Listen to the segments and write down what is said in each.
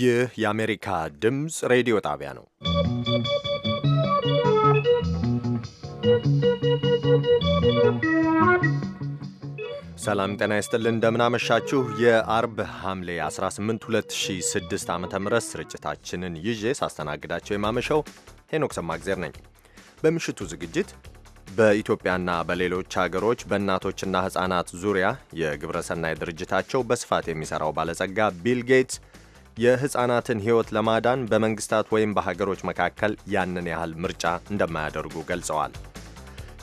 ይህ የአሜሪካ ድምፅ ሬዲዮ ጣቢያ ነው። ሰላም ጤና ይስጥልን። እንደምናመሻችሁ የአርብ ሐምሌ 18 2006 ዓ ም ስርጭታችንን ይዤ ሳስተናግዳቸው የማመሸው ሄኖክ ሰማግዜር ነኝ። በምሽቱ ዝግጅት በኢትዮጵያና በሌሎች ሀገሮች በእናቶችና ሕፃናት ዙሪያ የግብረ ሰናይ ድርጅታቸው በስፋት የሚሠራው ባለጸጋ ቢል ጌትስ የህፃናትን ህይወት ለማዳን በመንግስታት ወይም በሀገሮች መካከል ያንን ያህል ምርጫ እንደማያደርጉ ገልጸዋል።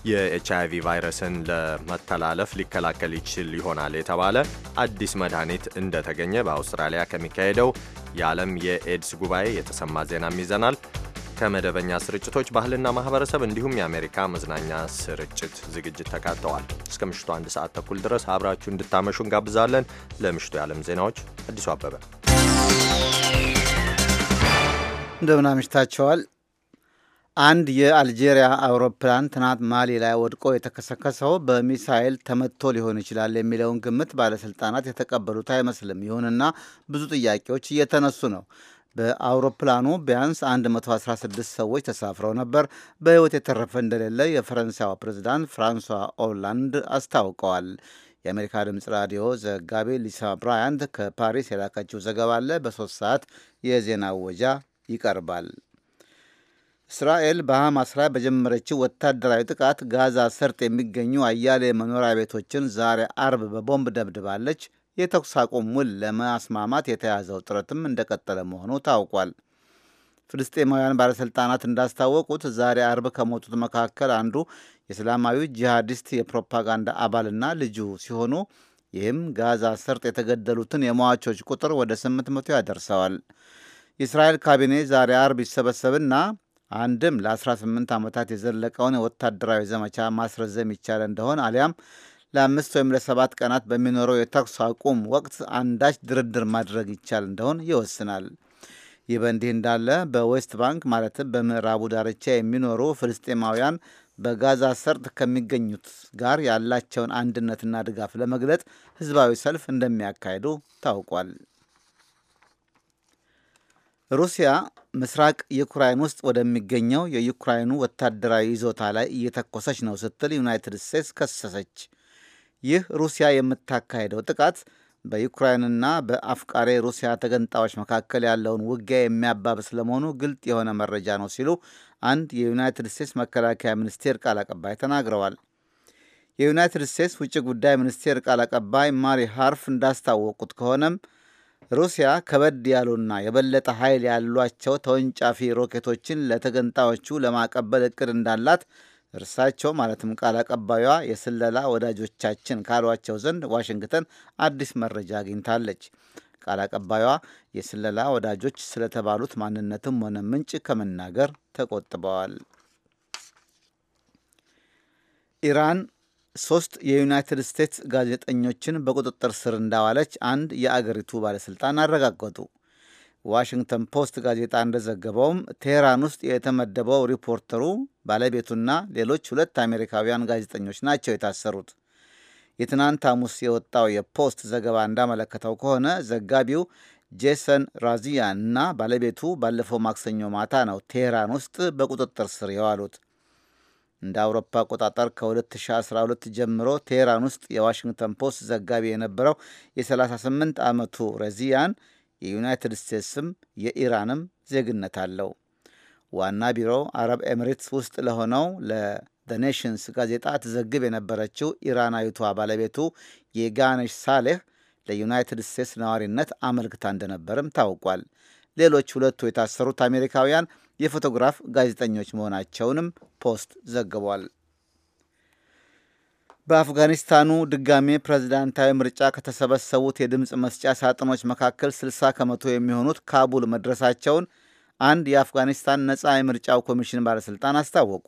የኤች አይቪ ቫይረስን ለመተላለፍ ሊከላከል ይችል ይሆናል የተባለ አዲስ መድኃኒት እንደተገኘ በአውስትራሊያ ከሚካሄደው የዓለም የኤድስ ጉባኤ የተሰማ ዜናም ይዘናል። ከመደበኛ ስርጭቶች ባህልና ማህበረሰብ እንዲሁም የአሜሪካ መዝናኛ ስርጭት ዝግጅት ተካተዋል። እስከ ምሽቱ አንድ ሰዓት ተኩል ድረስ አብራችሁ እንድታመሹ እንጋብዛለን። ለምሽቱ የዓለም ዜናዎች አዲሱ አበበ እንደምን አምሽታቸዋል። አንድ የአልጄሪያ አውሮፕላን ትናንት ማሊ ላይ ወድቆ የተከሰከሰው በሚሳኤል ተመትቶ ሊሆን ይችላል የሚለውን ግምት ባለስልጣናት የተቀበሉት አይመስልም። ይሁንና ብዙ ጥያቄዎች እየተነሱ ነው። በአውሮፕላኑ ቢያንስ 116 ሰዎች ተሳፍረው ነበር። በሕይወት የተረፈ እንደሌለ የፈረንሳዩ ፕሬዚዳንት ፍራንሷ ኦላንድ አስታውቀዋል። የአሜሪካ ድምፅ ራዲዮ ዘጋቢ ሊሳ ብራያንት ከፓሪስ የላከችው ዘገባ አለ። በሶስት ሰዓት የዜና ወጃ ይቀርባል። እስራኤል በሐማስ ላይ በጀመረችው ወታደራዊ ጥቃት ጋዛ ሰርጥ የሚገኙ አያሌ መኖሪያ ቤቶችን ዛሬ አርብ በቦምብ ደብድባለች። የተኩስ አቁም ውል ለማስማማት የተያዘው ጥረትም እንደቀጠለ መሆኑ ታውቋል። ፍልስጤማውያን ባለሥልጣናት እንዳስታወቁት ዛሬ አርብ ከሞቱት መካከል አንዱ የእስላማዊ ጂሃዲስት የፕሮፓጋንዳ አባልና ልጁ ሲሆኑ ይህም ጋዛ ሰርጥ የተገደሉትን የሟቾች ቁጥር ወደ 800 መቶ ያደርሰዋል። የእስራኤል ካቢኔ ዛሬ አርብ ይሰበሰብና አንድም ለ18 ዓመታት የዘለቀውን የወታደራዊ ዘመቻ ማስረዘም ይቻል እንደሆን አሊያም ለአምስት ወይም ለሰባት ቀናት በሚኖረው የተኩስ አቁም ወቅት አንዳች ድርድር ማድረግ ይቻል እንደሆን ይወስናል። ይህ በእንዲህ እንዳለ በዌስት ባንክ ማለትም በምዕራቡ ዳርቻ የሚኖሩ ፍልስጤማውያን በጋዛ ሰርጥ ከሚገኙት ጋር ያላቸውን አንድነትና ድጋፍ ለመግለጥ ህዝባዊ ሰልፍ እንደሚያካሂዱ ታውቋል። ሩሲያ ምስራቅ ዩክራይን ውስጥ ወደሚገኘው የዩክራይኑ ወታደራዊ ይዞታ ላይ እየተኮሰች ነው ስትል ዩናይትድ ስቴትስ ከሰሰች። ይህ ሩሲያ የምታካሄደው ጥቃት በዩክራይንና በአፍቃሬ ሩሲያ ተገንጣዮች መካከል ያለውን ውጊያ የሚያባብስ ለመሆኑ ግልጥ የሆነ መረጃ ነው ሲሉ አንድ የዩናይትድ ስቴትስ መከላከያ ሚኒስቴር ቃል አቀባይ ተናግረዋል። የዩናይትድ ስቴትስ ውጭ ጉዳይ ሚኒስቴር ቃል አቀባይ ማሪ ሃርፍ እንዳስታወቁት ከሆነም ሩሲያ ከበድ ያሉና የበለጠ ኃይል ያሏቸው ተወንጫፊ ሮኬቶችን ለተገንጣዮቹ ለማቀበል እቅድ እንዳላት እርሳቸው ማለትም ቃል አቀባዩዋ የስለላ ወዳጆቻችን ካሏቸው ዘንድ ዋሽንግተን አዲስ መረጃ አግኝታለች። ቃል አቀባዩዋ የስለላ ወዳጆች ስለተባሉት ማንነትም ሆነ ምንጭ ከመናገር ተቆጥበዋል። ኢራን ሶስት የዩናይትድ ስቴትስ ጋዜጠኞችን በቁጥጥር ስር እንዳዋለች አንድ የአገሪቱ ባለሥልጣን አረጋገጡ። ዋሽንግተን ፖስት ጋዜጣ እንደዘገበውም ቴሄራን ውስጥ የተመደበው ሪፖርተሩ ባለቤቱና ሌሎች ሁለት አሜሪካውያን ጋዜጠኞች ናቸው የታሰሩት። የትናንት ሐሙስ የወጣው የፖስት ዘገባ እንዳመለከተው ከሆነ ዘጋቢው ጄሰን ራዚያ እና ባለቤቱ ባለፈው ማክሰኞ ማታ ነው ቴሄራን ውስጥ በቁጥጥር ስር የዋሉት። እንደ አውሮፓ አቆጣጠር ከ2012 ጀምሮ ቴሄራን ውስጥ የዋሽንግተን ፖስት ዘጋቢ የነበረው የ38 ዓመቱ ረዚያን የዩናይትድ ስቴትስም የኢራንም ዜግነት አለው። ዋና ቢሮ አረብ ኤምሬትስ ውስጥ ለሆነው ለ ኔሽንስ ጋዜጣ ትዘግብ የነበረችው ኢራናዊቷ ባለቤቱ የጋነሽ ሳሌህ ለዩናይትድ ስቴትስ ነዋሪነት አመልክታ እንደነበርም ታውቋል። ሌሎች ሁለቱ የታሰሩት አሜሪካውያን የፎቶግራፍ ጋዜጠኞች መሆናቸውንም ፖስት ዘግቧል። በአፍጋኒስታኑ ድጋሜ ፕሬዝዳንታዊ ምርጫ ከተሰበሰቡት የድምፅ መስጫ ሳጥኖች መካከል 60 ከመቶ የሚሆኑት ካቡል መድረሳቸውን አንድ የአፍጋኒስታን ነጻ የምርጫው ኮሚሽን ባለሥልጣን አስታወቁ።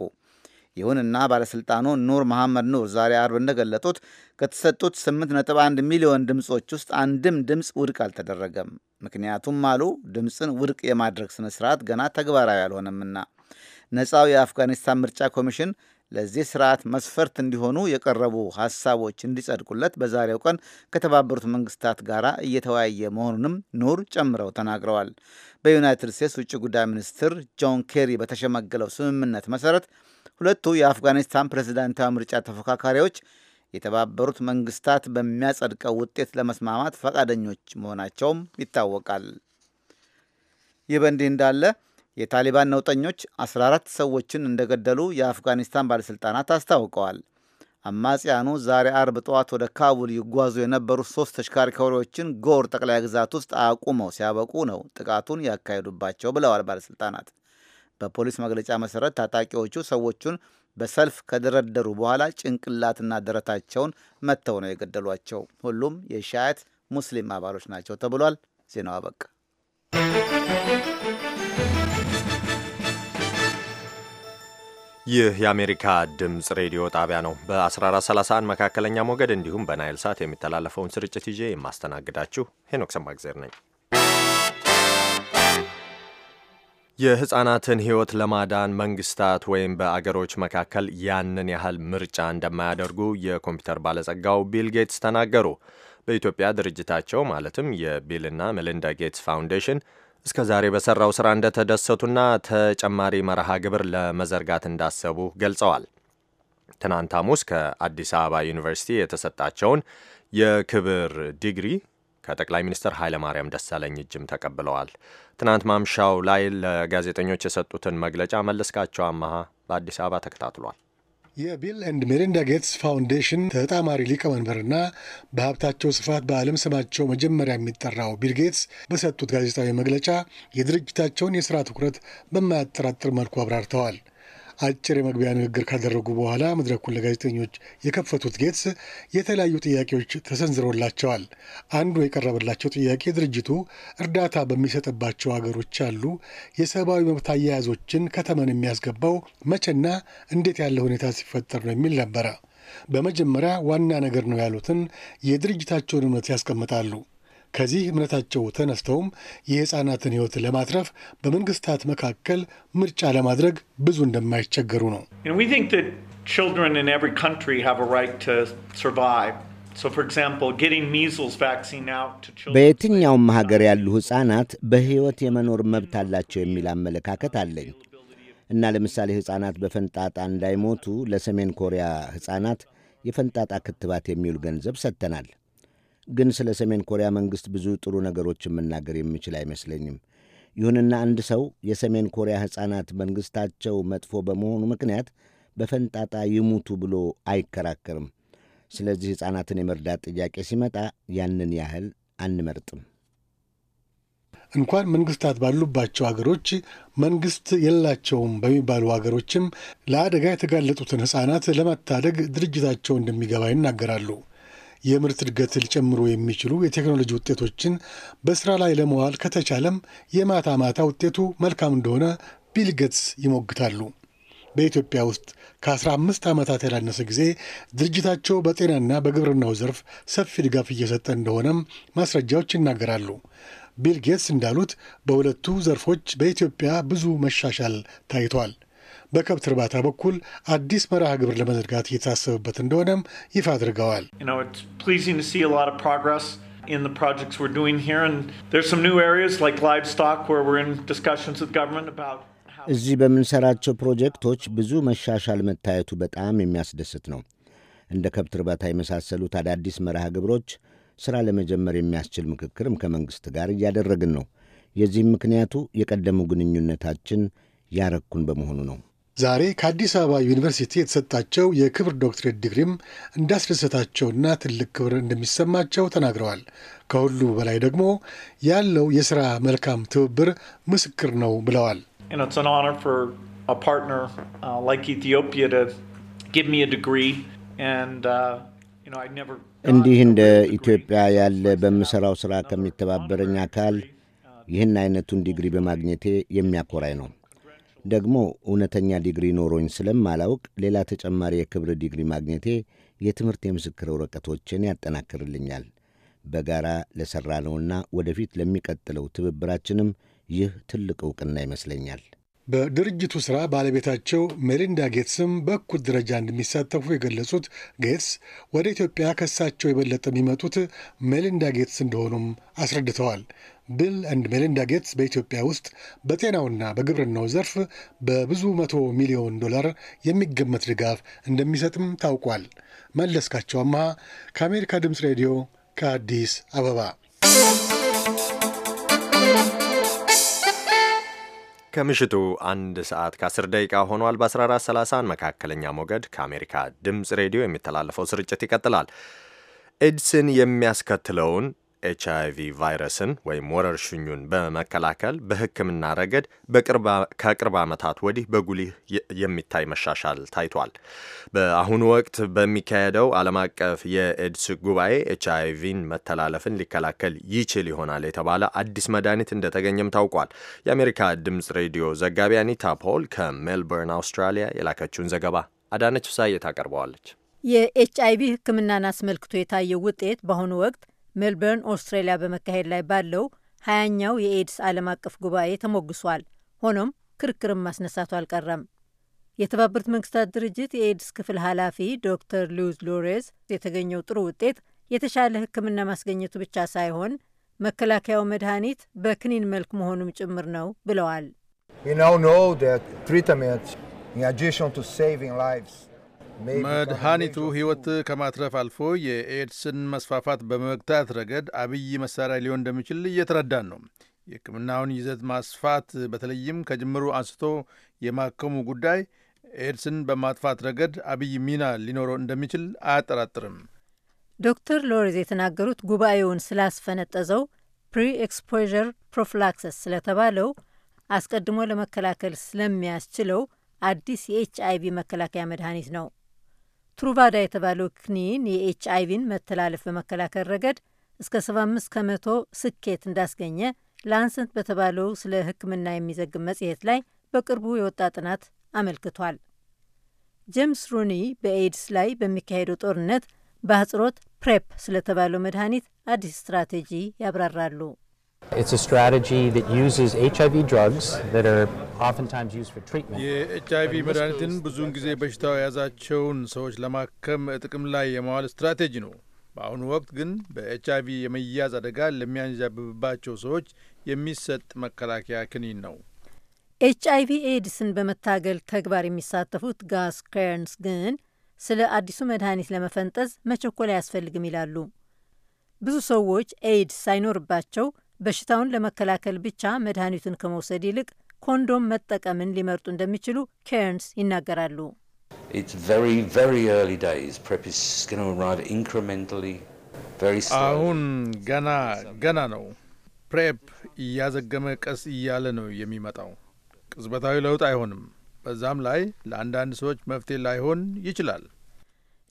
ይሁንና ባለሥልጣኑ ኑር መሐመድ ኑር ዛሬ አርብ እንደገለጡት ከተሰጡት 8.1 ሚሊዮን ድምፆች ውስጥ አንድም ድምፅ ውድቅ አልተደረገም። ምክንያቱም አሉ ድምፅን ውድቅ የማድረግ ስነ ስርዓት ገና ተግባራዊ አልሆነምና። ነፃው የአፍጋኒስታን ምርጫ ኮሚሽን ለዚህ ስርዓት መስፈርት እንዲሆኑ የቀረቡ ሀሳቦች እንዲጸድቁለት በዛሬው ቀን ከተባበሩት መንግስታት ጋር እየተወያየ መሆኑንም ኑር ጨምረው ተናግረዋል። በዩናይትድ ስቴትስ ውጭ ጉዳይ ሚኒስትር ጆን ኬሪ በተሸመገለው ስምምነት መሰረት ሁለቱ የአፍጋኒስታን ፕሬዚዳንታዊ ምርጫ ተፎካካሪዎች የተባበሩት መንግስታት በሚያጸድቀው ውጤት ለመስማማት ፈቃደኞች መሆናቸውም ይታወቃል። ይህ በእንዲህ እንዳለ የታሊባን ነውጠኞች 14 ሰዎችን እንደገደሉ የአፍጋኒስታን ባለሥልጣናት አስታውቀዋል። አማጽያኑ ዛሬ አርብ ጠዋት ወደ ካቡል ይጓዙ የነበሩ ሶስት ተሽከርካሪዎችን ጎር ጠቅላይ ግዛት ውስጥ አቁመው ሲያበቁ ነው ጥቃቱን ያካሄዱባቸው ብለዋል ባለሥልጣናት። በፖሊስ መግለጫ መሰረት ታጣቂዎቹ ሰዎቹን በሰልፍ ከደረደሩ በኋላ ጭንቅላትና ደረታቸውን መተው ነው የገደሏቸው። ሁሉም የሻያት ሙስሊም አባሎች ናቸው ተብሏል። ዜናው አበቃ። ይህ የአሜሪካ ድምፅ ሬዲዮ ጣቢያ ነው። በ1431 መካከለኛ ሞገድ እንዲሁም በናይል ሳት የሚተላለፈውን ስርጭት ይዤ የማስተናግዳችሁ ሄኖክ ሰማግዜር ነኝ። የህጻናትን ህይወት ለማዳን መንግስታት ወይም በአገሮች መካከል ያንን ያህል ምርጫ እንደማያደርጉ የኮምፒውተር ባለጸጋው ቢል ጌትስ ተናገሩ። በኢትዮጵያ ድርጅታቸው ማለትም የቢልና ሜሊንዳ ጌትስ ፋውንዴሽን እስከ ዛሬ በሰራው ስራ እንደተደሰቱና ተጨማሪ መርሃ ግብር ለመዘርጋት እንዳሰቡ ገልጸዋል። ትናንት ሐሙስ ከአዲስ አበባ ዩኒቨርሲቲ የተሰጣቸውን የክብር ዲግሪ ከጠቅላይ ሚኒስትር ኃይለማርያም ደሳለኝ እጅም ተቀብለዋል። ትናንት ማምሻው ላይ ለጋዜጠኞች የሰጡትን መግለጫ መለስካቸው አመሃ በአዲስ አበባ ተከታትሏል። የቢል ኤንድ ሜሊንዳ ጌትስ ፋውንዴሽን ተጣማሪ ሊቀመንበርና በሀብታቸው ስፋት በዓለም ስማቸው መጀመሪያ የሚጠራው ቢል ጌትስ በሰጡት ጋዜጣዊ መግለጫ የድርጅታቸውን የሥራ ትኩረት በማያጠራጥር መልኩ አብራርተዋል። አጭር የመግቢያ ንግግር ካደረጉ በኋላ መድረኩን ለጋዜጠኞች የከፈቱት ጌትስ የተለያዩ ጥያቄዎች ተሰንዝሮላቸዋል። አንዱ የቀረበላቸው ጥያቄ ድርጅቱ እርዳታ በሚሰጥባቸው አገሮች ያሉ የሰብአዊ መብት አያያዞችን ከተመን የሚያስገባው መቼና እንዴት ያለ ሁኔታ ሲፈጠር ነው የሚል ነበረ። በመጀመሪያ ዋና ነገር ነው ያሉትን የድርጅታቸውን እምነት ያስቀምጣሉ። ከዚህ እምነታቸው ተነስተውም የሕፃናትን ሕይወት ለማትረፍ በመንግስታት መካከል ምርጫ ለማድረግ ብዙ እንደማይቸገሩ ነው። በየትኛውም ሀገር ያሉ ሕፃናት በሕይወት የመኖር መብት አላቸው የሚል አመለካከት አለኝ እና ለምሳሌ ሕፃናት በፈንጣጣ እንዳይሞቱ ለሰሜን ኮሪያ ሕፃናት የፈንጣጣ ክትባት የሚውል ገንዘብ ሰጥተናል። ግን ስለ ሰሜን ኮሪያ መንግሥት ብዙ ጥሩ ነገሮችን መናገር የምችል አይመስለኝም። ይሁንና አንድ ሰው የሰሜን ኮሪያ ሕፃናት መንግሥታቸው መጥፎ በመሆኑ ምክንያት በፈንጣጣ ይሙቱ ብሎ አይከራከርም። ስለዚህ ሕፃናትን የመርዳት ጥያቄ ሲመጣ ያንን ያህል አንመርጥም። እንኳን መንግስታት ባሉባቸው ሀገሮች መንግስት የላቸውም በሚባሉ ሀገሮችም ለአደጋ የተጋለጡትን ሕፃናት ለመታደግ ድርጅታቸው እንደሚገባ ይናገራሉ። የምርት እድገት ሊጨምሩ የሚችሉ የቴክኖሎጂ ውጤቶችን በስራ ላይ ለመዋል ከተቻለም የማታ ማታ ውጤቱ መልካም እንደሆነ ቢል ጌትስ ይሞግታሉ። በኢትዮጵያ ውስጥ ከ15 ዓመታት ያላነሰ ጊዜ ድርጅታቸው በጤናና በግብርናው ዘርፍ ሰፊ ድጋፍ እየሰጠ እንደሆነም ማስረጃዎች ይናገራሉ። ቢል ጌትስ እንዳሉት በሁለቱ ዘርፎች በኢትዮጵያ ብዙ መሻሻል ታይቷል። በከብት እርባታ በኩል አዲስ መርሃ ግብር ለመዘርጋት እየታሰበበት እንደሆነም ይፋ አድርገዋል። እዚህ በምንሰራቸው ፕሮጀክቶች ብዙ መሻሻል መታየቱ በጣም የሚያስደስት ነው። እንደ ከብት እርባታ የመሳሰሉት አዳዲስ መርሃ ግብሮች ሥራ ለመጀመር የሚያስችል ምክክርም ከመንግሥት ጋር እያደረግን ነው። የዚህም ምክንያቱ የቀደመው ግንኙነታችን ያረኩን በመሆኑ ነው። ዛሬ ከአዲስ አበባ ዩኒቨርሲቲ የተሰጣቸው የክብር ዶክትሬት ዲግሪም እንዳስደሰታቸውና ትልቅ ክብር እንደሚሰማቸው ተናግረዋል። ከሁሉ በላይ ደግሞ ያለው የስራ መልካም ትብብር ምስክር ነው ብለዋል። uh, uh, እንዲህ እንደ ኢትዮጵያ ያለ በምሠራው ሥራ ከሚተባበረኝ አካል ይህን አይነቱን ዲግሪ በማግኘቴ የሚያኮራኝ ነው። ደግሞ እውነተኛ ዲግሪ ኖሮኝ ስለማላውቅ ሌላ ተጨማሪ የክብር ዲግሪ ማግኘቴ የትምህርት የምስክር ወረቀቶችን ያጠናክርልኛል። በጋራ ለሠራነውና ወደፊት ለሚቀጥለው ትብብራችንም ይህ ትልቅ ዕውቅና ይመስለኛል። በድርጅቱ ሥራ ባለቤታቸው ሜሊንዳ ጌትስም በእኩል ደረጃ እንደሚሳተፉ የገለጹት ጌትስ ወደ ኢትዮጵያ ከሳቸው የበለጠ የሚመጡት ሜሊንዳ ጌትስ እንደሆኑም አስረድተዋል። ቢል ኤንድ ሜሊንዳ ጌትስ በኢትዮጵያ ውስጥ በጤናውና በግብርናው ዘርፍ በብዙ መቶ ሚሊዮን ዶላር የሚገመት ድጋፍ እንደሚሰጥም ታውቋል። መለስካቸው አመሃ ከአሜሪካ ድምፅ ሬዲዮ ከአዲስ አበባ። ከምሽቱ አንድ ሰዓት ከ10 ደቂቃ ሆኗል። በ1430 መካከለኛ ሞገድ ከአሜሪካ ድምፅ ሬዲዮ የሚተላለፈው ስርጭት ይቀጥላል። ኤድስን የሚያስከትለውን ኤች አይ ቪ ቫይረስን ወይም ወረርሽኙን በመከላከል በሕክምና ረገድ ከቅርብ ዓመታት ወዲህ በጉልህ የሚታይ መሻሻል ታይቷል። በአሁኑ ወቅት በሚካሄደው ዓለም አቀፍ የኤድስ ጉባኤ ኤች አይ ቪን መተላለፍን ሊከላከል ይችል ይሆናል የተባለ አዲስ መድኃኒት እንደተገኘም ታውቋል። የአሜሪካ ድምፅ ሬዲዮ ዘጋቢ አኒታ ፖል ከሜልበርን አውስትራሊያ የላከችውን ዘገባ አዳነች ፍሳዬ ታቀርበዋለች። የኤች አይ ቪ ሕክምናን አስመልክቶ የታየው ውጤት በአሁኑ ወቅት ሜልበርን ኦስትሬሊያ በመካሄድ ላይ ባለው ሀያኛው የኤድስ ዓለም አቀፍ ጉባኤ ተሞግሷል። ሆኖም ክርክርም ማስነሳቱ አልቀረም። የተባበሩት መንግስታት ድርጅት የኤድስ ክፍል ኃላፊ ዶክተር ሉዝ ሎሬዝ የተገኘው ጥሩ ውጤት የተሻለ ሕክምና ማስገኘቱ ብቻ ሳይሆን መከላከያው መድኃኒት በክኒን መልክ መሆኑም ጭምር ነው ብለዋል። መድኃኒቱ ሕይወት ከማትረፍ አልፎ የኤድስን መስፋፋት በመግታት ረገድ አብይ መሳሪያ ሊሆን እንደሚችል እየተረዳን ነው። የሕክምናውን ይዘት ማስፋት በተለይም ከጅምሩ አንስቶ የማከሙ ጉዳይ ኤድስን በማጥፋት ረገድ አብይ ሚና ሊኖረው እንደሚችል አያጠራጥርም። ዶክተር ሎሬዝ የተናገሩት ጉባኤውን ስላስፈነጠዘው ፕሪ ኤክስፖዠር ፕሮፍላክሰስ ስለተባለው አስቀድሞ ለመከላከል ስለሚያስችለው አዲስ የኤች አይቪ መከላከያ መድኃኒት ነው። ትሩቫዳ የተባለው ክኒን የኤች አይቪን መተላለፍ በመከላከል ረገድ እስከ 75 ከመቶ ስኬት እንዳስገኘ ላንሰንት በተባለው ስለ ሕክምና የሚዘግብ መጽሔት ላይ በቅርቡ የወጣ ጥናት አመልክቷል። ጄምስ ሩኒ በኤድስ ላይ በሚካሄደው ጦርነት በአጽሮት ፕሬፕ ስለተባለው መድኃኒት አዲስ ስትራቴጂ ያብራራሉ። የኤች አይቪ መድኃኒትን ብዙውን ጊዜ በሽታው የያዛቸውን ሰዎች ለማከም ጥቅም ላይ የማዋል ስትራቴጂ ነው። በአሁኑ ወቅት ግን በኤች አይቪ የመያዝ አደጋ ለሚያንዣብብባቸው ሰዎች የሚሰጥ መከላከያ ክኒን ነው። ኤች አይቪ ኤድስን በመታገል ተግባር የሚሳተፉት ጋስ ከርንስ ግን ስለ አዲሱ መድኃኒት ለመፈንጠዝ መቸኮል አያስፈልግም ይላሉ። ብዙ ሰዎች ኤድስ ሳይኖርባቸው በሽታውን ለመከላከል ብቻ መድኃኒቱን ከመውሰድ ይልቅ ኮንዶም መጠቀምን ሊመርጡ እንደሚችሉ ኬርንስ ይናገራሉ። አሁን ገና ገና ነው። ፕሬፕ እያዘገመ ቀስ እያለ ነው የሚመጣው። ቅጽበታዊ ለውጥ አይሆንም። በዛም ላይ ለአንዳንድ ሰዎች መፍትሄ ላይሆን ይችላል።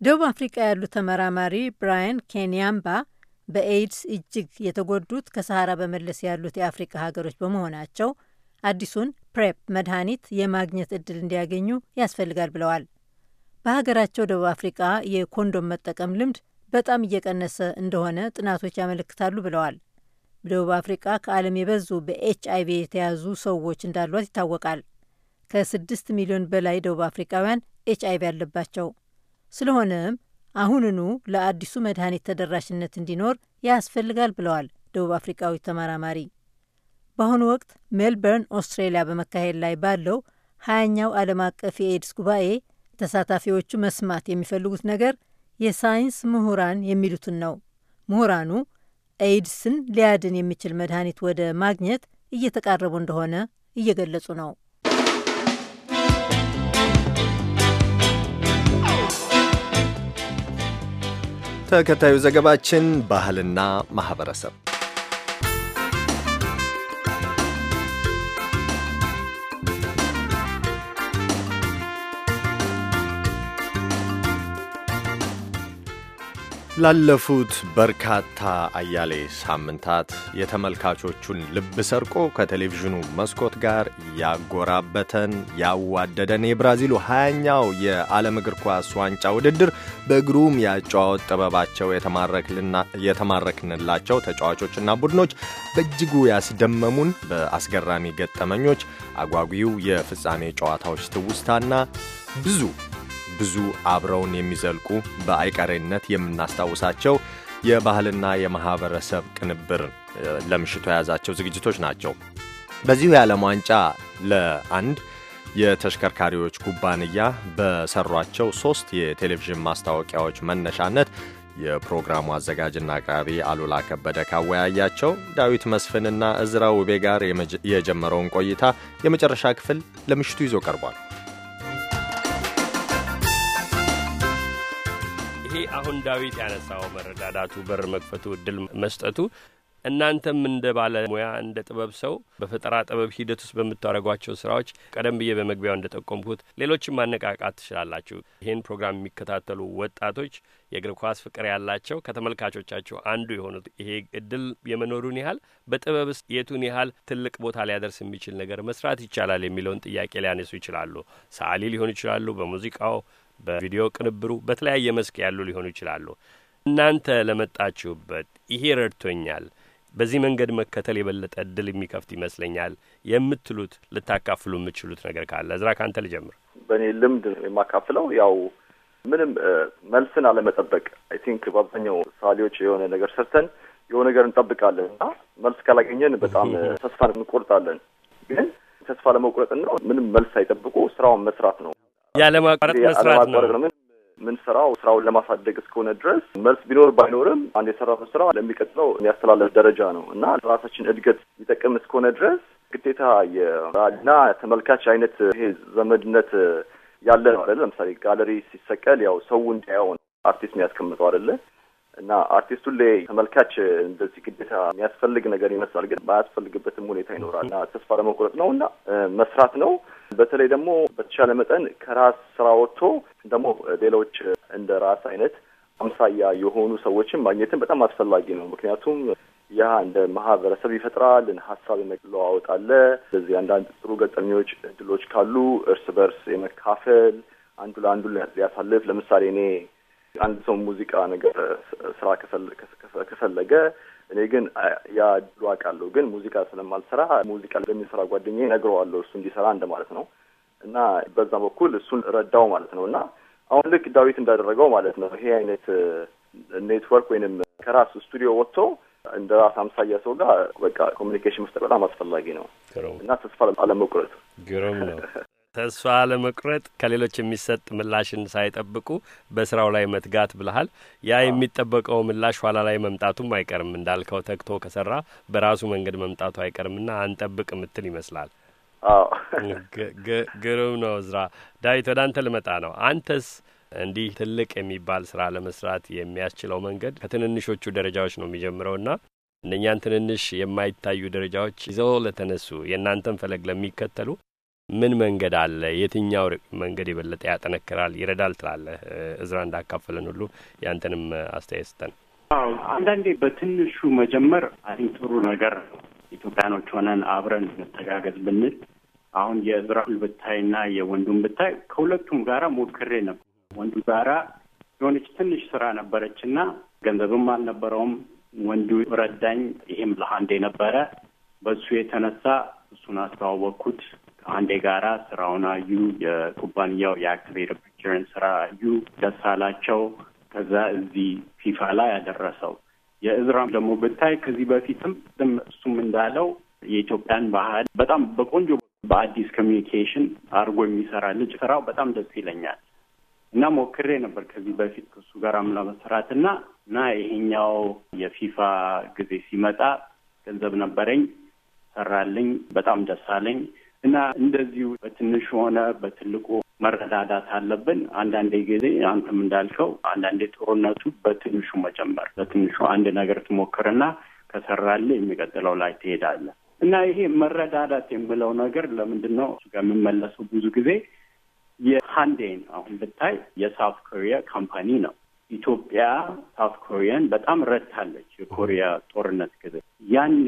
ደቡብ አፍሪቃ ያሉ ተመራማሪ ብራያን ኬንያምባ በኤድስ እጅግ የተጎዱት ከሰሃራ በመለስ ያሉት የአፍሪካ ሀገሮች በመሆናቸው አዲሱን ፕሬፕ መድኃኒት የማግኘት እድል እንዲያገኙ ያስፈልጋል ብለዋል። በሀገራቸው ደቡብ አፍሪቃ የኮንዶም መጠቀም ልምድ በጣም እየቀነሰ እንደሆነ ጥናቶች ያመለክታሉ ብለዋል። ደቡብ አፍሪቃ ከዓለም የበዙ በኤች አይቪ የተያዙ ሰዎች እንዳሏት ይታወቃል። ከስድስት ሚሊዮን በላይ ደቡብ አፍሪካውያን ኤች አይቪ አለባቸው። ስለሆነም አሁንኑ ለአዲሱ መድኃኒት ተደራሽነት እንዲኖር ያስፈልጋል ብለዋል ደቡብ አፍሪካዊ ተመራማሪ። በአሁኑ ወቅት ሜልበርን ኦስትሬሊያ በመካሄድ ላይ ባለው ሀያኛው ዓለም አቀፍ የኤድስ ጉባኤ ተሳታፊዎቹ መስማት የሚፈልጉት ነገር የሳይንስ ምሁራን የሚሉትን ነው። ምሁራኑ ኤድስን ሊያድን የሚችል መድኃኒት ወደ ማግኘት እየተቃረቡ እንደሆነ እየገለጹ ነው። ተከታዩ ዘገባችን ባህልና ማህበረሰብ ላለፉት በርካታ አያሌ ሳምንታት የተመልካቾቹን ልብ ሰርቆ ከቴሌቪዥኑ መስኮት ጋር ያጎራበተን ያዋደደን የብራዚሉ ሀያኛው የዓለም እግር ኳስ ዋንጫ ውድድር በግሩም የአጨዋወት ጥበባቸው የተማረክንላቸው ተጫዋቾችና ቡድኖች በእጅጉ ያስደመሙን በአስገራሚ ገጠመኞች፣ አጓጊው የፍጻሜ ጨዋታዎች ትውስታና ብዙ ብዙ አብረውን የሚዘልቁ በአይቀሬነት የምናስታውሳቸው የባህልና የማህበረሰብ ቅንብር ለምሽቱ የያዛቸው ዝግጅቶች ናቸው። በዚሁ የዓለም ዋንጫ ለአንድ የተሽከርካሪዎች ኩባንያ በሰሯቸው ሶስት የቴሌቪዥን ማስታወቂያዎች መነሻነት የፕሮግራሙ አዘጋጅና አቅራቢ አሉላ ከበደ ካወያያቸው ዳዊት መስፍንና እዝራ ውቤ ጋር የጀመረውን ቆይታ የመጨረሻ ክፍል ለምሽቱ ይዞ ቀርቧል። ይሄ አሁን ዳዊት ያነሳው መረዳዳቱ በር መክፈቱ እድል መስጠቱ እናንተም እንደ ባለሙያ እንደ ጥበብ ሰው በፈጠራ ጥበብ ሂደት ውስጥ በምታደረጓቸው ስራዎች ቀደም ብዬ በመግቢያው እንደ ጠቆምኩት ሌሎችን ማነቃቃት ትችላላችሁ። ይህን ፕሮግራም የሚከታተሉ ወጣቶች የእግር ኳስ ፍቅር ያላቸው ከተመልካቾቻቸው አንዱ የሆኑት ይሄ እድል የመኖሩን ያህል በጥበብስ የቱን ያህል ትልቅ ቦታ ሊያደርስ የሚችል ነገር መስራት ይቻላል የሚለውን ጥያቄ ሊያነሱ ይችላሉ። ሰዓሊ ሊሆኑ ይችላሉ። በሙዚቃው በቪዲዮ ቅንብሩ፣ በተለያየ መስክ ያሉ ሊሆኑ ይችላሉ። እናንተ ለመጣችሁበት ይሄ ረድቶኛል፣ በዚህ መንገድ መከተል የበለጠ እድል የሚከፍት ይመስለኛል የምትሉት ልታካፍሉ የምትችሉት ነገር ካለ እዝራ ካንተ ልጀምር። በእኔ ልምድ የማካፍለው ያው ምንም መልስን አለመጠበቅ አይ ቲንክ በአብዛኛው ሳሌዎች የሆነ ነገር ሰርተን የሆነ ነገር እንጠብቃለን እና መልስ ካላገኘን በጣም ተስፋ እንቆርጣለን። ግን ተስፋ ነው ምንም መልስ አይጠብቁ ስራውን መስራት ነው። ያለማቋረጥ መስራት ነው። ምን ስራው ስራውን ለማሳደግ እስከሆነ ድረስ መልስ ቢኖር ባይኖርም አንድ የሰራነው ስራ ለሚቀጥለው የሚያስተላለፍ ደረጃ ነው እና ራሳችን እድገት ይጠቅም እስከሆነ ድረስ ግዴታ የና ተመልካች አይነት ይሄ ዘመድነት ያለ ነው አለ። ለምሳሌ ጋለሪ ሲሰቀል ያው ሰው እንዲያየው ነው አርቲስት የሚያስቀምጠው አይደለ? እና አርቲስቱ ላይ ተመልካች እንደዚህ ግዴታ የሚያስፈልግ ነገር ይመስላል፣ ግን ማያስፈልግበትም ሁኔታ ይኖራል እና ተስፋ ለመቁረጥ ነው እና መስራት ነው። በተለይ ደግሞ በተቻለ መጠን ከራስ ስራ ወጥቶ ደግሞ ሌሎች እንደ ራስ አይነት አምሳያ የሆኑ ሰዎችን ማግኘትን በጣም አስፈላጊ ነው። ምክንያቱም ያ እንደ ማህበረሰብ ይፈጥራል። ሀሳብ የመለዋወጣለ አለ። ስለዚህ አንዳንድ ጥሩ ገጠመኞች፣ እድሎች ካሉ እርስ በርስ የመካፈል አንዱ ለአንዱ ሊያሳልፍ ለምሳሌ እኔ አንድ ሰው ሙዚቃ ነገር ስራ ከፈለገ እኔ ግን ያ ድሉ አውቃለሁ፣ ግን ሙዚቃ ስለማልሰራ ሙዚቃ ለሚሰራ ጓደኛ ነግረዋለሁ እሱ እንዲሰራ ማለት ነው። እና በዛ በኩል እሱን ረዳው ማለት ነው። እና አሁን ልክ ዳዊት እንዳደረገው ማለት ነው ይሄ አይነት ኔትወርክ ወይንም ከራስ ስቱዲዮ ወጥቶ እንደ ራስ አምሳያ ሰው ጋር በቃ ኮሚኒኬሽን መስጠት በጣም አስፈላጊ ነው እና ተስፋ አለመቁረጥ ግሩም ነው። ተስፋ ለመቁረጥ ከሌሎች የሚሰጥ ምላሽን ሳይጠብቁ በስራው ላይ መትጋት ብልሃል። ያ የሚጠበቀው ምላሽ ኋላ ላይ መምጣቱም አይቀርም እንዳልከው ተግቶ ከሰራ በራሱ መንገድ መምጣቱ አይቀርምና አንጠብቅ ምትል ይመስላል። ግሩም ነው። ዝራ ዳዊት፣ ወደ አንተ ልመጣ ነው። አንተስ እንዲህ ትልቅ የሚባል ስራ ለመስራት የሚያስችለው መንገድ ከትንንሾቹ ደረጃዎች ነው የሚጀምረውና እነኛን ትንንሽ የማይታዩ ደረጃዎች ይዘው ለተነሱ የእናንተን ፈለግ ለሚከተሉ ምን መንገድ አለ? የትኛው መንገድ የበለጠ ያጠነክራል፣ ይረዳል ትላለህ? እዝራ እንዳካፈለን ሁሉ ያንተንም አስተያየት ስጠን። አዎ አንዳንዴ በትንሹ መጀመር አይ ጥሩ ነገር ኢትዮጵያኖች ሆነን አብረን መተጋገዝ ብንል አሁን የእዝራሁል ብታይና የወንዱም ብታይ ከሁለቱም ጋራ ሞክሬ ነበር። ወንዱ ጋራ የሆነች ትንሽ ስራ ነበረች እና ገንዘብም አልነበረውም። ወንዱ ረዳኝ። ይሄም ለአንድ ነበረ በሱ የተነሳ እሱን አስተዋወቅኩት። አንድ ጋራ ስራውን አዩ። የኩባንያው የአክቲቬት ፒክቸርን ስራ አዩ። ደስ አላቸው። ከዛ እዚህ ፊፋ ላይ ያደረሰው የእዝራም ደግሞ ብታይ ከዚህ በፊትም እሱም እንዳለው የኢትዮጵያን ባህል በጣም በቆንጆ በአዲስ ኮሚኒኬሽን አድርጎ የሚሰራ ልጅ ስራው በጣም ደስ ይለኛል እና ሞክሬ ነበር ከዚህ በፊት ከሱ ጋር አምላ እና እና ይሄኛው የፊፋ ጊዜ ሲመጣ ገንዘብ ነበረኝ ሰራልኝ። በጣም ደስ አለኝ። እና እንደዚሁ በትንሹ ሆነ በትልቁ መረዳዳት አለብን። አንዳንዴ ጊዜ አንተም እንዳልከው አንዳንዴ ጦርነቱ በትንሹ መጨመር፣ በትንሹ አንድ ነገር ትሞክርና ከሰራልህ የሚቀጥለው ላይ ትሄዳለህ እና ይሄ መረዳዳት የምለው ነገር ለምንድን ነው ጋር የምመለሰው ብዙ ጊዜ የሃንዴን አሁን ብታይ የሳውት ኮሪያ ካምፓኒ ነው። ኢትዮጵያ ሳውት ኮሪያን በጣም ረድታለች የኮሪያ ጦርነት ጊዜ። ያኔ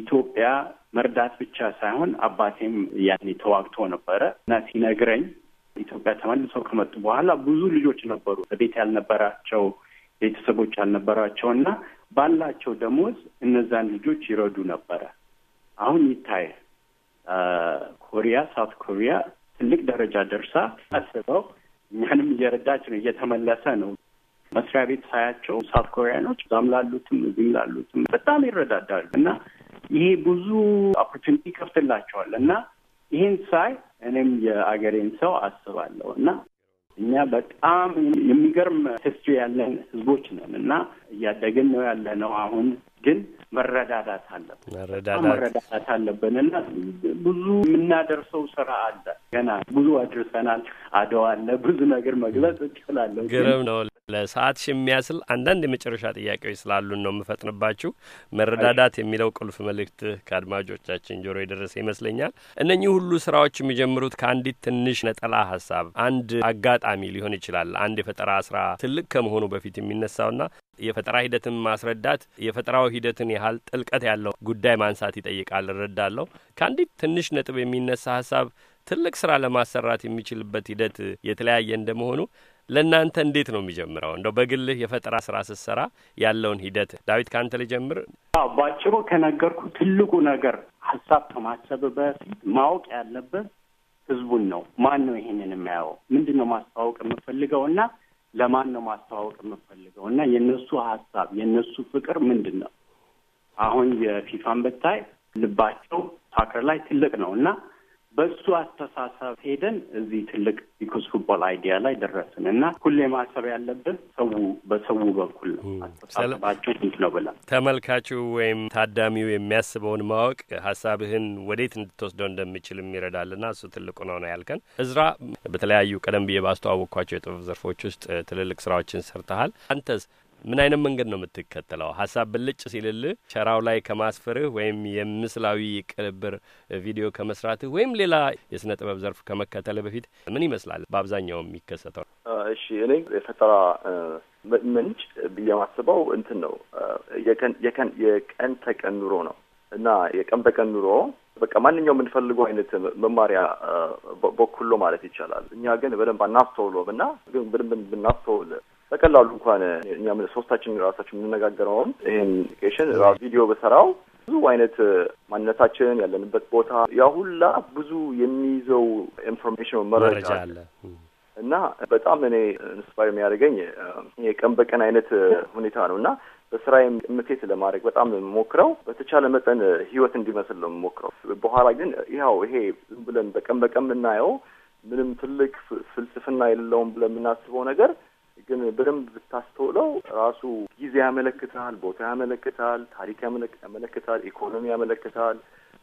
ኢትዮጵያ መርዳት ብቻ ሳይሆን አባቴም ያኔ ተዋግቶ ነበረ እና ሲነግረኝ ኢትዮጵያ ተመልሰው ከመጡ በኋላ ብዙ ልጆች ነበሩ ቤት ያልነበራቸው ቤተሰቦች ያልነበራቸው እና ባላቸው ደሞዝ እነዛን ልጆች ይረዱ ነበረ። አሁን ይታይ ኮሪያ ሳውት ኮሪያ ትልቅ ደረጃ ደርሳ አስበው እኛንም እየረዳች ነው፣ እየተመለሰ ነው። መስሪያ ቤት ሳያቸው ሳውት ኮሪያኖች እዛም ላሉትም እዚህም ላሉትም በጣም ይረዳዳሉ እና ይሄ ብዙ ኦፖርቹኒቲ ይከፍትላቸዋል እና ይህን ሳይ እኔም የአገሬን ሰው አስባለሁ እና እኛ በጣም የሚገርም ሂስትሪ ያለን ህዝቦች ነን እና እያደግን ነው ያለ ነው። አሁን ግን መረዳዳት አለብን መረዳዳት አለብን እና ብዙ የምናደርሰው ስራ አለ። ገና ብዙ አድርሰናል። አድዋ አለ። ብዙ ነገር መግለጽ እችላለሁ። ግርም ነው። ለሰዓት የሚያስል አንዳንድ የመጨረሻ ጥያቄዎች ስላሉን ነው የምፈጥንባችሁ። መረዳዳት የሚለው ቁልፍ መልእክት ከአድማጮቻችን ጆሮ የደረሰ ይመስለኛል። እነኚህ ሁሉ ስራዎች የሚጀምሩት ከአንዲት ትንሽ ነጠላ ሀሳብ፣ አንድ አጋጣሚ ሊሆን ይችላል። አንድ የፈጠራ ስራ ትልቅ ከመሆኑ በፊት የሚነሳውና የፈጠራ ሂደትን ማስረዳት የፈጠራው ሂደትን ያህል ጥልቀት ያለው ጉዳይ ማንሳት ይጠይቃል። እረዳለሁ። ከአንዲት ትንሽ ነጥብ የሚነሳ ሀሳብ ትልቅ ስራ ለማሰራት የሚችልበት ሂደት የተለያየ እንደመሆኑ ለእናንተ እንዴት ነው የሚጀምረው? እንደው በግልህ የፈጠራ ስራ ስትሰራ ያለውን ሂደት ዳዊት ከአንተ ልጀምር። ባጭሩ ከነገርኩ ትልቁ ነገር ሀሳብ ከማሰብ በፊት ማወቅ ያለበት ህዝቡን ነው። ማን ነው ይሄንን የሚያየው? ምንድን ነው ማስተዋወቅ የምፈልገው እና ለማን ነው ማስተዋወቅ የምፈልገው እና የእነሱ ሀሳብ የእነሱ ፍቅር ምንድን ነው? አሁን የፊፋን ብታይ ልባቸው ሳክር ላይ ትልቅ ነው እና በሱ አስተሳሰብ ሄደን እዚህ ትልቅ ቢኮዝ ፉትቦል አይዲያ ላይ ደረስን እና ሁሌ ማሰብ ያለብን ሰው በሰው በኩል አስተሳሰባቸው ንት ነው ብላ ተመልካቹ ወይም ታዳሚው የሚያስበውን ማወቅ ሀሳብህን ወዴት እንድትወስደው እንደሚችል የሚረዳልና እሱ ትልቁ ነው ነው ያልከን። እዝራ በተለያዩ ቀደም ብዬ ባስተዋወቅኳቸው የጥበብ ዘርፎች ውስጥ ትልልቅ ስራዎችን ሰርተሃል። አንተስ ምን አይነት መንገድ ነው የምትከተለው? ሀሳብ ብልጭ ሲልልህ ሸራው ላይ ከማስፈርህ ወይም የምስላዊ ቅንብር ቪዲዮ ከመስራትህ ወይም ሌላ የስነ ጥበብ ዘርፍ ከመከተልህ በፊት ምን ይመስላል በአብዛኛው የሚከሰተው? እሺ እኔ የፈጠራ ምንጭ ብዬ እንትን ነው የቀን የቀን የቀን ተቀን ኑሮ ነው እና የቀን በቀን ኑሮ በቃ ማንኛውም የምንፈልገው አይነት መማሪያ በኩሎ ማለት ይቻላል። እኛ ግን በደንብ አናስተውሎም እና ግን በደንብ ብናስተውል በቀላሉ እንኳን እኛ ሶስታችን ራሳችን የምንነጋገረው አሁን ይህን አፕሊኬሽን ቪዲዮ በሰራው ብዙ አይነት ማንነታችን ያለንበት ቦታ ያ ሁላ ብዙ የሚይዘው ኢንፎርሜሽን መረጃ አለ እና በጣም እኔ ኢንስፓየር የሚያደርገኝ የቀን በቀን አይነት ሁኔታ ነው እና በስራ ምቴት ለማድረግ በጣም ሞክረው በተቻለ መጠን ህይወት እንዲመስል ነው ሞክረው። በኋላ ግን ያው ይሄ ዝም ብለን በቀን በቀን የምናየው ምንም ትልቅ ፍልስፍና የለውም ብለን የምናስበው ነገር ግን በደንብ ብታስተውለው ራሱ ጊዜ ያመለክታል፣ ቦታ ያመለክታል፣ ታሪክ ያመለክታል፣ ኢኮኖሚ ያመለክታል፣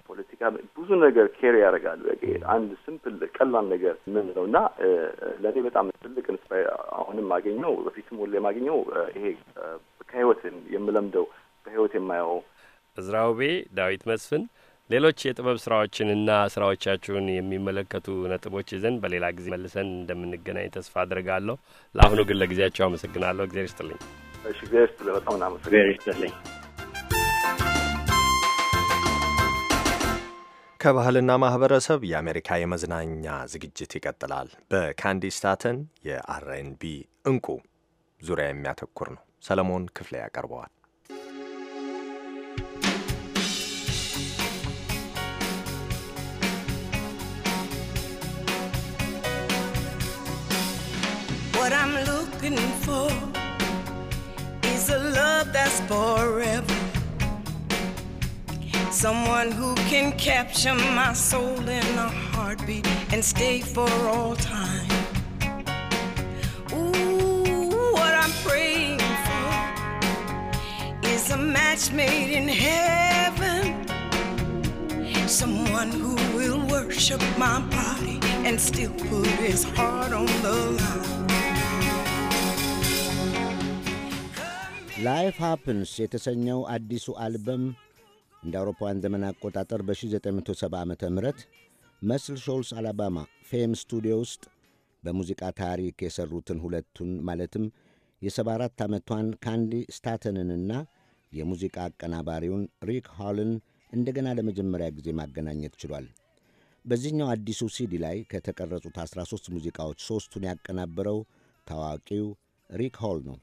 ፖለቲካ ብዙ ነገር ኬር ያደርጋል። አንድ ስምፕል ቀላል ነገር ምን ነው እና ለእኔ በጣም ትልቅ ኢንስፓይር አሁንም ማገኘው በፊትም ሁሌ ማገኘው ይሄ ከህይወት የምለምደው ከህይወት የማየው እዝራውቤ ዳዊት መስፍን ሌሎች የጥበብ ስራዎችንና ስራዎቻችሁን የሚመለከቱ ነጥቦች ይዘን በሌላ ጊዜ መልሰን እንደምንገናኝ ተስፋ አድርጋለሁ። ለአሁኑ ግን ለጊዜያቸው አመሰግናለሁ። እግዚአብሔር ይስጥልኝ። እሺ፣ እግዚአብሔር ይስጥልኝ። ከባህልና ማህበረሰብ የአሜሪካ የመዝናኛ ዝግጅት ይቀጥላል። በካንዲ ስታተን የአርኤንቢ እንቁ ዙሪያ የሚያተኩር ነው። ሰለሞን ክፍሌ ያቀርበዋል። forever. Someone who can capture my soul in a heartbeat and stay for all time. Ooh, what I'm praying for is a match made in heaven. Someone who will worship my body and still put his heart on the line. ላይፍ ሃፕንስ የተሰኘው አዲሱ አልበም እንደ አውሮፓውያን ዘመን አቆጣጠር በ1970 ዓ ም መስል ሾልስ አላባማ ፌም ስቱዲዮ ውስጥ በሙዚቃ ታሪክ የሠሩትን ሁለቱን ማለትም የ74 ዓመቷን ካንዲ ስታተንንና የሙዚቃ አቀናባሪውን ሪክ ሃልን እንደገና ለመጀመሪያ ጊዜ ማገናኘት ችሏል። በዚህኛው አዲሱ ሲዲ ላይ ከተቀረጹት 13 ሙዚቃዎች ሦስቱን ያቀናበረው ታዋቂው ሪክ ሆል ነው።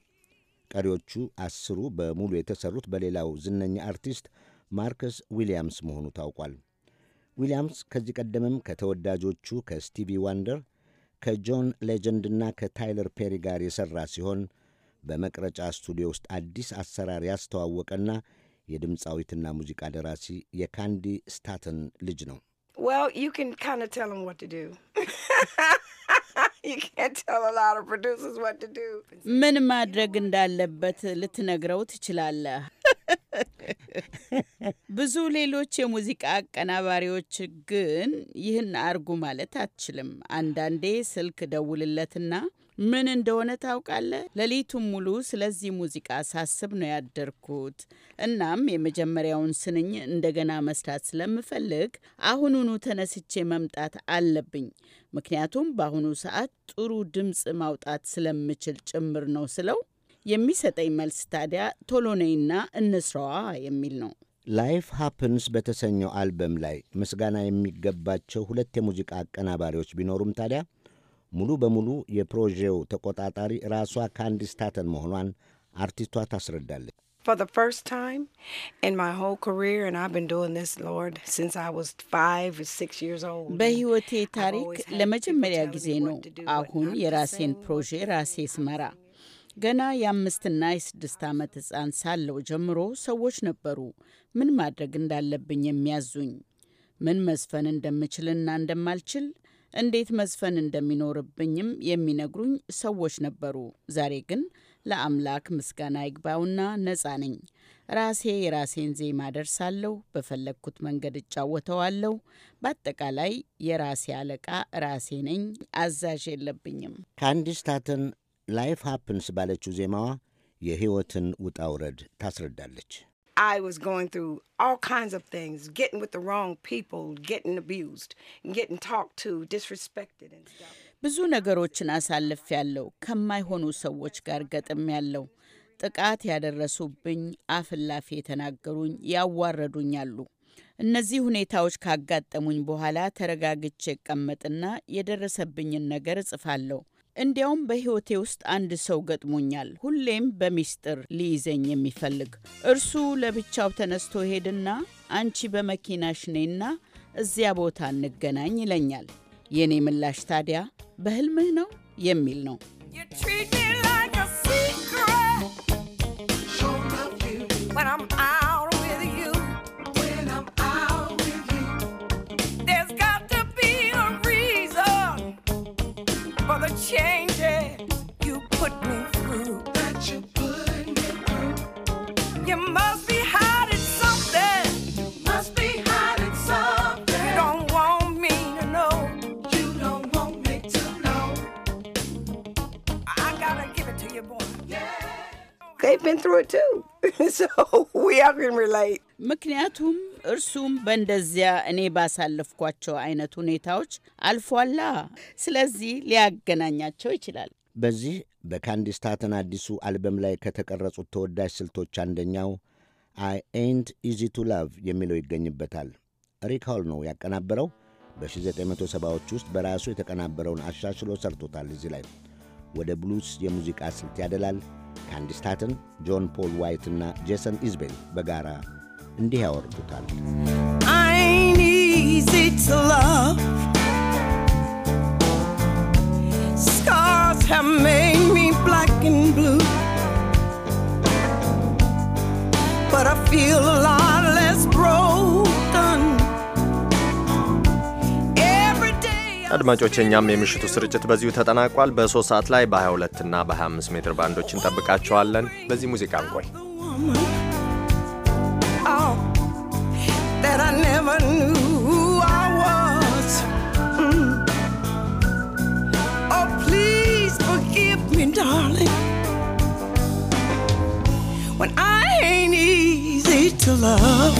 ቀሪዎቹ አስሩ በሙሉ የተሰሩት በሌላው ዝነኛ አርቲስት ማርከስ ዊሊያምስ መሆኑ ታውቋል። ዊሊያምስ ከዚህ ቀደምም ከተወዳጆቹ ከስቲቪ ዋንደር፣ ከጆን ሌጀንድና ከታይለር ፔሪ ጋር የሠራ ሲሆን በመቅረጫ ስቱዲዮ ውስጥ አዲስ አሰራር ያስተዋወቀና የድምፃዊትና ሙዚቃ ደራሲ የካንዲ ስታተን ልጅ ነው። ምን ማድረግ እንዳለበት ልትነግረው ትችላለህ። ብዙ ሌሎች የሙዚቃ አቀናባሪዎች ግን ይህን አርጉ ማለት አትችልም። አንዳንዴ ስልክ ደውልለትና ምን እንደሆነ ታውቃለህ፣ ሌሊቱን ሙሉ ስለዚህ ሙዚቃ ሳስብ ነው ያደርኩት። እናም የመጀመሪያውን ስንኝ እንደገና መስራት ስለምፈልግ አሁኑኑ ተነስቼ መምጣት አለብኝ። ምክንያቱም በአሁኑ ሰዓት ጥሩ ድምፅ ማውጣት ስለምችል ጭምር ነው ስለው የሚሰጠኝ መልስ ታዲያ ቶሎ ነይና እንስራዋ የሚል ነው። ላይፍ ሃፕንስ በተሰኘው አልበም ላይ ምስጋና የሚገባቸው ሁለት የሙዚቃ አቀናባሪዎች ቢኖሩም ታዲያ ሙሉ በሙሉ የፕሮጀው ተቆጣጣሪ ራሷ ካንዲስ መሆኗን አርቲስቷ ታስረዳለች። for the first time in my whole career and I've been doing this Lord since I was five or six years old. በህይወቴ ታሪክ ለመጀመሪያ ጊዜ ነው አሁን የራሴን ፕሮጄ ራሴ ስመራ። ገና የአምስትና የስድስት ዓመት ሕፃን ሳለው ጀምሮ ሰዎች ነበሩ ምን ማድረግ እንዳለብኝ የሚያዙኝ። ምን መዝፈን እንደምችልና እንደማልችል እንዴት መዝፈን እንደሚኖርብኝም የሚነግሩኝ ሰዎች ነበሩ። ዛሬ ግን ለአምላክ ምስጋና ይግባውና ነጻ ነኝ። ራሴ የራሴን ዜማ ደርሳለሁ፣ በፈለግኩት መንገድ እጫወተዋለሁ። በአጠቃላይ የራሴ አለቃ ራሴ ነኝ፣ አዛዥ የለብኝም። ካንዲስ ታትን ላይፍ ሃፕንስ ባለችው ዜማዋ የሕይወትን ውጣ ውረድ ታስረዳለች። I was going through all kinds of things, getting with the wrong people, getting abused, getting talked to, disrespected and stuff. ብዙ ነገሮችን አሳልፍ ያለው ከማይሆኑ ሰዎች ጋር ገጥም ያለው ጥቃት ያደረሱብኝ፣ አፍላፊ የተናገሩኝ፣ ያዋረዱኝ አሉ። እነዚህ ሁኔታዎች ካጋጠሙኝ በኋላ ተረጋግቼ እቀመጥና የደረሰብኝን ነገር እጽፋለሁ። እንዲያውም በሕይወቴ ውስጥ አንድ ሰው ገጥሞኛል፣ ሁሌም በሚስጥር ሊይዘኝ የሚፈልግ እርሱ ለብቻው ተነስቶ ሄድና አንቺ በመኪናሽ ነይና እዚያ ቦታ እንገናኝ ይለኛል። የእኔ ምላሽ ታዲያ በህልምህ ነው የሚል ነው። I'm they've been through it too. so we all can relate. ምክንያቱም እርሱም በእንደዚያ እኔ ባሳለፍኳቸው አይነት ሁኔታዎች አልፏላ። ስለዚህ ሊያገናኛቸው ይችላል። በዚህ በካንዲስታትን አዲሱ አልበም ላይ ከተቀረጹት ተወዳጅ ስልቶች አንደኛው አይ ኤንት ኢዚ ቱ ላቭ የሚለው ይገኝበታል። ሪክ ሆል ነው ያቀናበረው። በ1970ዎች ውስጥ በራሱ የተቀናበረውን አሻሽሎ ሰርቶታል። እዚህ ላይ ወደ ብሉስ የሙዚቃ ስልት ያደላል። ከአንድ ስታተን ጆን ፖል ዋይት እና ጄሰን ኢዝቤል በጋራ እንዲህ ያወርዱታል። But I feel alive አድማጮች፣ እኛም የምሽቱ ስርጭት በዚሁ ተጠናቋል። በሶስት ሰዓት ላይ በ22 እና በ25 ሜትር ባንዶች እንጠብቃቸዋለን። በዚህ ሙዚቃ እንቆይ። mm. oh, When I ain't easy to love